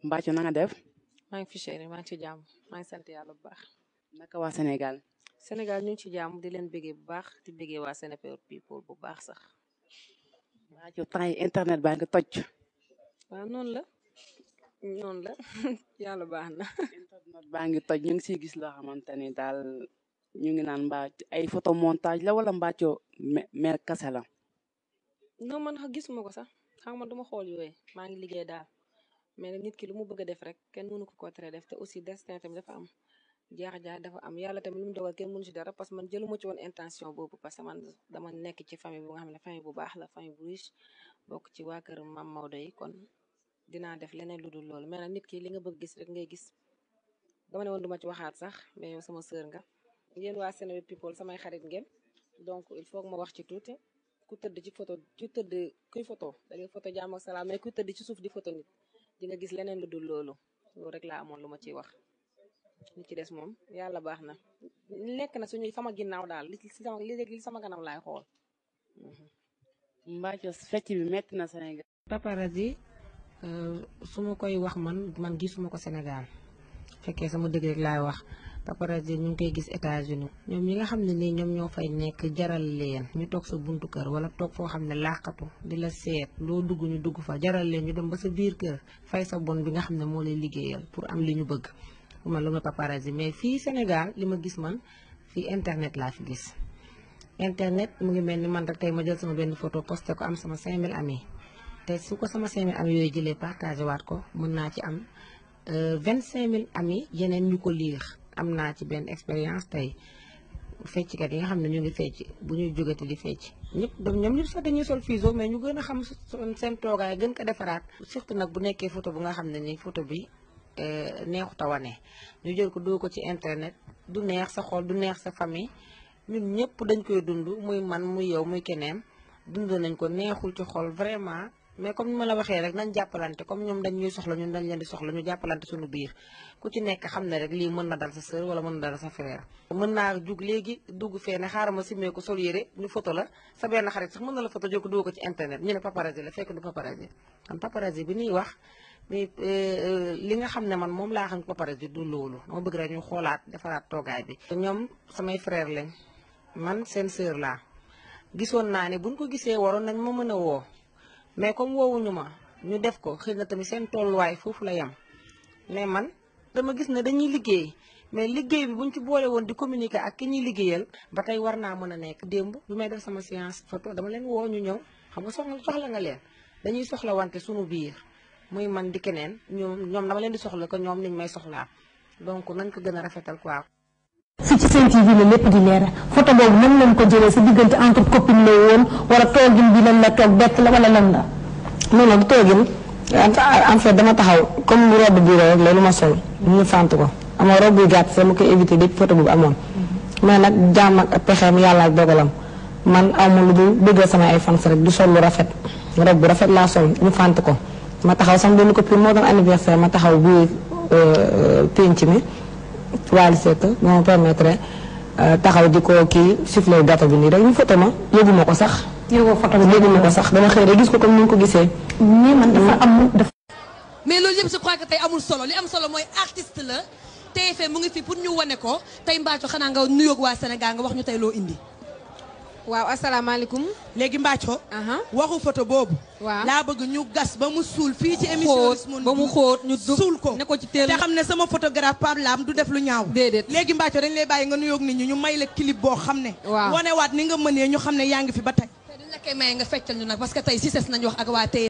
Mbacso na nga def. maa ngi fi chéri maa ngi ci jàmm maa sant yàlla bu baax. naka wa Sénégal. Sénégal ñu ngi ci jàmm di leen bëggee bu baax di bëggee waa Sénégal people bu baax sax. Mbacso temps yi internet toj. waaw la noonu la yàlla baax na. baa ngi toj ñu ngi siy gis loo xamante ni daal ñu ngi naan mbaa ay photo montage la wala Mbacso mer kase la. non man xool yooyu maa ngi liggéey daal. mais nag nit ki lu mu bëgg def rek kenn mënu ko contrer def te aussi destin tamit dafa am jaar jaar dafa am yàlla tamit lu mu dogal kenn mënu ci dara parce que man jëluma ci woon intention boobu parce que man dama nekk ci famille bu nga xam ne famille bu baax la famille bu riche bokk ci waa kër Mam mawda yi kon dinaa def leneen lu dul loolu mais nag nit ki li nga bëgg gis rek ngay gis dama ne woon duma ci waxaat sax mais yow sama sœur nga yéen waa Seneweb People samay xarit ngeen donc il faut ma wax ci tuuti ku tëdd ci photo ci tëdd kuy photo da ngay photo jàmm ak salaam mais ku tëdd ci suuf di photo nit di nga gis leneen lu dul loolu loolu rek laa amoon lu ma ciy wax li ci des moom yàlla baax na lekk na suñuy sama ginnaaw daal li sama li sama kanam laay xool mm-hmm. mbaacos fecc bi metti na Sénégal paparazzi euh, su ma koy wax man man gisuma ko Sénégal fekkee sama dëgg rek wax paparazzi ñu ngi gis États-Unis ñom yi nga xamne ni ñom ño fay nekk jaral leen ñu tok sa buntu kër wala tok fo xamne laqatu làqatu di la seet loo dugg ñu dugg fa jaral leen ñu dem ba sa biir kër fay sa bon bi nga xamne mo lay liggéeyal pour am li ñu bëgg kuma lu nga lu ma paparazzi mais fi Sénégal li ma gis man fi internet la fi gis internet mu ngi melni man rek tay ma jël sama benn photo posté ko am sama 5000 amé té su ko sama 5000 amis yoy jëlé partager wat ko mën naa ci am 25000 euh, amis yenen ñuko lire am naa ci benn expérience tey fecckat yi nga xam ne ñu ngi fecc bu ñuy jógati di fecc ñëpp ñoom ñëpp sax dañuy sol fiso mais ñu gën a xam seen toogaay gën ko defaraat surtout nag bu nekkee photo bu nga xam ne ni photo bi euh, neexut a wane ñu jël ko doo ko ci internet du neex sa xol du neex sa famille ñun ñëpp dañ koy dund muy man muy yow muy keneen dund nañ ko neexul ci xol vraiment mais comme ni ma la waxee rek nañ jàppalante comme ñoom dañ ñuy soxla ñun dañ leen di soxla ñu jàppalante suñu biir ku ci nekk xam ne rek lii mën na dal sa sœur wala mën na dal sa frère mën naa jug léegi dugg fee ne xaaral ma simmee ko sol yére ñu photo la sa benn xarit sax mën na la photo jël dugg ko ci internet ñu ne paparazzi la fekk du paparazzi kon paparazzi bi ñuy wax mais euh, li nga xam ne man moom laa xam paparazzi du loolu dama bëgg rek ñu xoolaat defaraat toogaay bi ñoom samay frère lañ man seen sœur laa gisoon naa ne buñ ko gisee waroon nañ ma mën a woo mais comme woowuñu ma ñu def ko xëy na tamit seen tolluwaay foofu la yam mais man dama gis ne dañuy liggéey mais liggéey bu buñ ci boole woon di communiqué ak ki ñuy liggéeyal ba tey war naa mën a nekk démb lu may def sama séance photo dama leen woo ñu ñëw xam nga soxla soxla nga leen dañuy soxla wante suñu biir muy man di keneen ñoom ñoom dama leen di soxla ko ñoom niñ may soxlaa donc nañ ko gën a rafetal quoi fii ci seen TV la lépp di leer photo boobu lañ ko jëlee sa diggante entre copine la woon wala toogin bi lan la toog bett la wala lan la. non non toogin ah. en fait dama taxaw comme robe bi rek la lu ma sol ñu sant ko amoo robe bu gàtt sax ma koy éviter depuis photo boobu amoon. Mm-hmm. mais nag jaam ak pexeem yàlla ak dogalam man amul lu dul bëgg sama ay fans rek du sol lu rafet robe rafet laa sol ñu fant ko ma taxaw sama benn copine moo doon anniversaire ma taxaw bu euh, euh, penc mi. waal Wally Seck moo permettre euh, taxaw di ko kii siffler gâteau bi nii rek ñu photo ma yëgu ko sax. yëgoo photo bi yëgu ma ko sax dama xëy rek gis ko comme ni nga ko gisee. mais man dafa am mm. dafa. mais loolu yëpp je crois que tey amul solo li am solo mooy artiste la TFM mu ngi fi pour ñu wane ko tey Mbathio xanaa nga nuyoog waa Sénégal nga wax ñu tey loo indi. waaw asalaamaaleykum. léegi Mbacco. waxu photo boobu. waaw laa bëgg ñu gas ba mu suul fii ci émission. xóot ba mu xóot ñu dugg suul ko. ne te xam ne sama photographe Pape Lam du def lu ñaaw. déedéet léegi Mbacco dañ lay bàyyi nga nuyoog nit ñi ñu may la clip boo xam ne. waaw wanewaat ni nga mënee ñu xam ne yaa ngi fi ba tey. te duñ la koy maye nga feccal ñu nag parce tey si ses nañu wax ak waa tey.